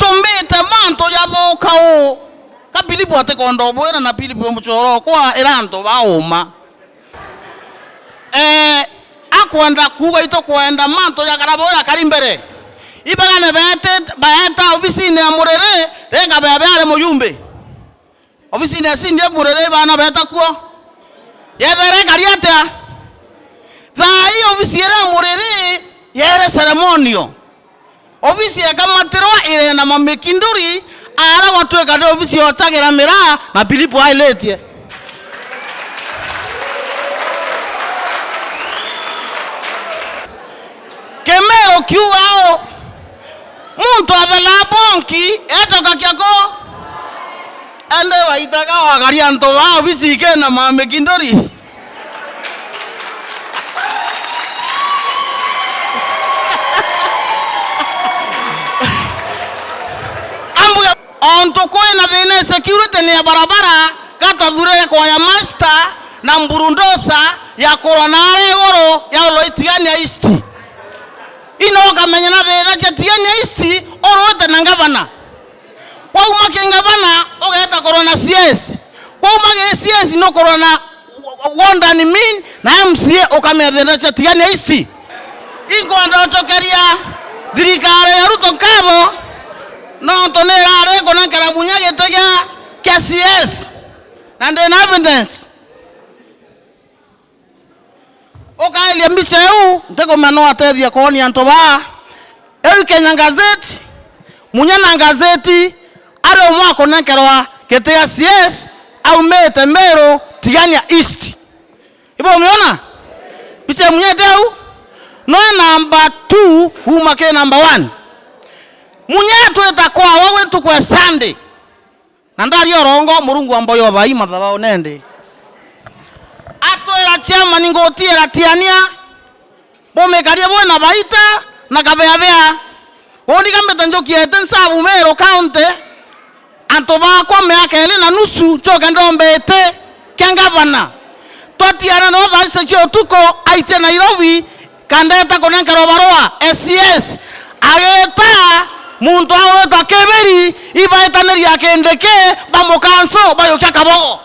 tumbete manto itombete bantu yathukau kapilipu atikondoboira na pilipu muchorokwa irantu bauma eh akwenda kuga ya mantu ya karimbere mbere ibagane bete baeta ofisini ya murere renga bebeare muyumbe ofisini ya sindi ya murere bana beta kuo yethere kari atia thai ofisi ya murere yere ceremonio ofisi ekamatirwa irena mamikinduri ara gwatuikate ofisi yochagira miraa na Pilipo ailetie kemero kiugao muntu abelaa bonki echokakiako ende waitaga wagaria antu ba ofisi ikena mamikinduri onto kwena thina e security ni ya barabara gata gatathurire kwa ya master na mburundosa ya korwa na are igoro ya olo itigania east inokamenya na thina ciatigania east orote na ngavana kwa ki ngavana ugeta korwa na cs kwa gi cs no korwa na ni min na mca ukamenya thina ciatigania east chokeria dirikare ya ruto kavo notonelare kona nkaramunya gito gia kiasiesi na ndi na evidence ukaelia mbica iu ntigumea no atethia kuonia antu baa iu kenya ngazeti munya na ngazeti ari umwa kunenkerwa giti gia cs aumite miru tigania east ibo umiona mbica munya ite au no namba 2 huma ke namba 1 munyatu itakuwa wawe tukwe sande na ndari orongo murungu amboyo bai mathabao nende atwira ningoti ningutiira tiania bumikarie bwina baita na kabea kabeabea kambe tanjo kiete nsabu mero Meru anto antu kwa miaka ili na nusu choke ndombete kia ngavana twatiana no thaisa cia tuko aite Nairobi kandeta kunenkerwa barua SCS e agita muntu awe kakeberi ibaitana lyakendeke bamukanso bayokya kaboo